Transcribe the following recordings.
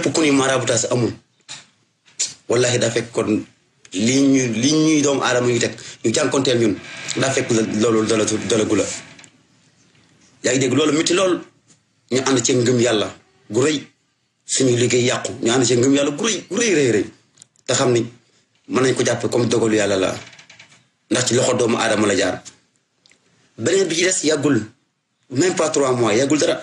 képp ku ñuy marabutaas amul wallahi daa fekk kon lii ñuy lii ñuy doomu aadama ñu teg ñu jànkonteel ñun daa fekk loolu dala dalagu la yaa ngi dégg loolu métti lool ñu ànd ci ngëm yàlla gu rëy suñu liggéey yàqu ñu ànd ci ngëm yàlla gu rëy gu rëy rëy te xam ni mën nañ ko jàpp comme dogalu yàlla la ndax ci loxo doomu aadama la jaar beneen bi ci des yàggul même pas trois mois yàggul dara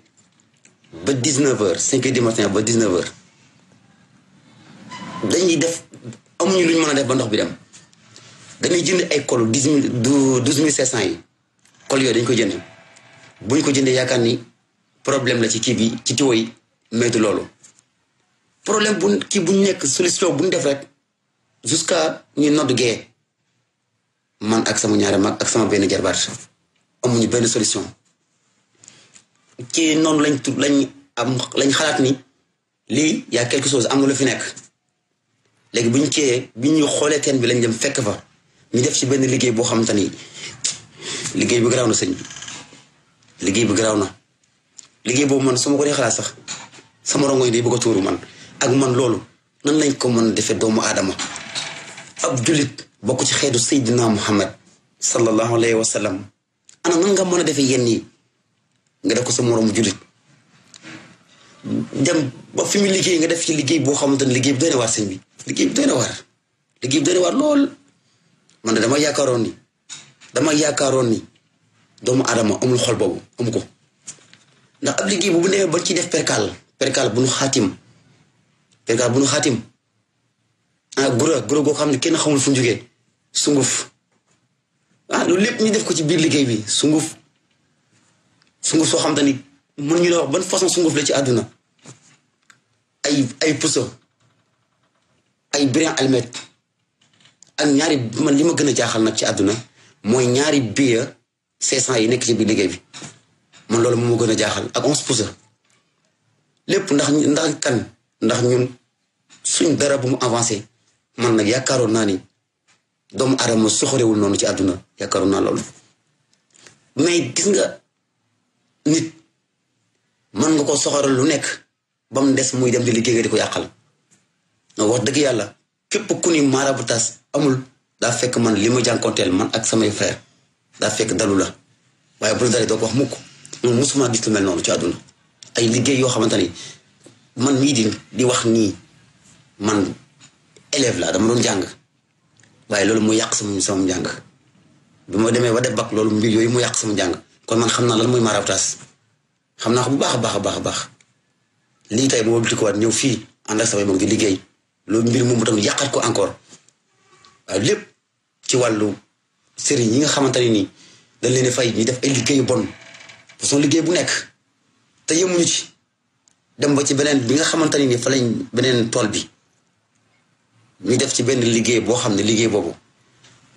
ba 19h 5h du matin ba 19h dañuy def amuñu lu ñu mën a def ba ndox bi dem dañuy jënd ay kol 10 000 12 500 yi kol yooyu dañ koy jënd buñ ñu ko jëndee yaakaar ni problème la ci kii bi ci tiwo yi métti loolu. problème bu kii bu nekk solution bu ñu def rek jusqu'à ñuy nodd gee man ak sama ñaari mag ak sama benn jarbaat amuñu benn solution. ci non lañ tu lañ am lañ xalaat ni li y a quelque chose am lu fi nek légui buñ ci biñ ñu xolé ten bi lañ dem fekk fa ñu def ci ben liggéey bo xam ni liggéey bu graw na sëñ bi liggéey bi garaaw na liggéey bo man suma ko dee xalaat sax sama rongoy di bëgg a tuuru man ak man lolu nan lañ ko mëna defé doomu adama ab julit bokk ci xeetu sayyidina Muhammad sallallahu alayhi wa sallam ana nan nga mëna defé yenn yi nga def ko sa morom julit dem ba fi mu liggéey nga def ci liggéey boo xamante ne liggéey bi doy na waar sëñ bi liggéey bi doy na waar liggéey bi doy na waar lool man dama yaakaaroon ni dama yaakaaroon ni doomu adama amul xol boobu am ko ndax ab liggéey boobu demee ba ci def perkal perkal bu nu xaatim perkal bu nu xaatim ah gura gura goo xam ne kenn xamul fu mu sunguf ah loolu lépp ñu def ko ci biir liggéey bi sunguf sunguf soo xam tani mën ñu la wax ban façon sunguf la ci àdduna ay ay puso ay brin almet ak ñaari man li ma gën a jaaxal nag ci àdduna mooy ñaari biya 500 yi nekk ci bi liggéey bi man loolu moo gën a jaaxal ak 11 puso lépp ndax ndax kan ndax ñun suñ dara bu mu avancé man nag yaakaaroon naa ni doomu adama soxorewul noonu ci àdduna yaakaaroon naa loolu mais gis nga nit man nga ko soxoral lu nekk ba dess muy dem di liggéey nga di ko wax deug yalla kep ku ni marabutas amul dafek fekk man limu jankontel man ak samay frère da fekk dalu la waaye bu dalé do ko wax mukk man musuma gis lu mel non ci aduna ay liggéey yo xamantani man mi di di wax ni man élève la dama don jang waye lolu mu yak sama sama jang bima ma wa def bac lolu mbir yoy mu yak sama jang kon man xam naa lan mooy marabutaas xam naa ko bu baax a baax a baax a baax lii tey moo wëlbati ko waat ñëw fii ànd ak samay mag di liggéey loolu mbir moomu tam yàqat ko encore waaw wàllu sëriñ yi nga xamante ne nii dañ leen fay ñu def ay liggéeyu bon liggéey bu nekk te yemuñu ci dem ba ci beneen bi nga xamante ne nii fa lañ beneen tool bi ñu def ci benn liggéey boo xam ne liggéey boobu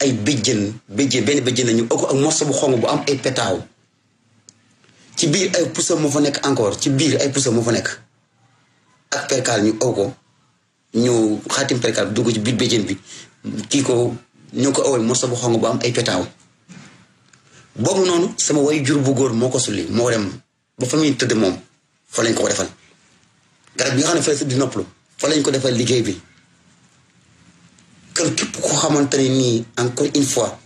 ay béjjën béjjën benn béjjën la ñu ëpp ak morso bu xong bu am ay petaaw. ci biir ay poussam moo fa nekk encore ci biir ay poussam moo fa nekk ak percal ñu aw ko ñu xaatim percal dugg ci biir béjjén bi kii ko ñu ko awal morso bu xong bu am ay petaaw boobu noonu sama way jur bu góor moo ko sulli moo dem ba fa muy tëdd moom fa lañ ko ko defal garab bi nga xam ne fa la nopp lu fa lañ ko defal liggéey bi kon képp ko xamante ne nii encore une fois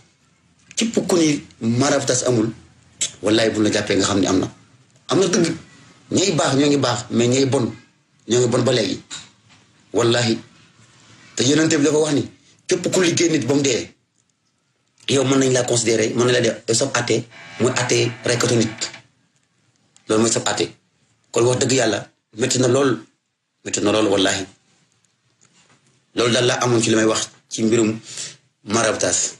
képp ku ni marab tas amul wallaay bu la jàppee nga xam ne am na am na dëgg ñay baax ñoo ngi baax mais ñay bon ñoo ngi bon ba léegi wallahi te yonente bi dafa wax ni képp ku liggéey nit ba mu dee yow mën nañ laa considéré mën nañ laa def sab atte mooy atte rekkatu nit loolu mooy sab atte kon wax dëgg yàlla métti na lool métti na lool wallahi loolu daal laa amoon ci li may wax ci mbirum marabtas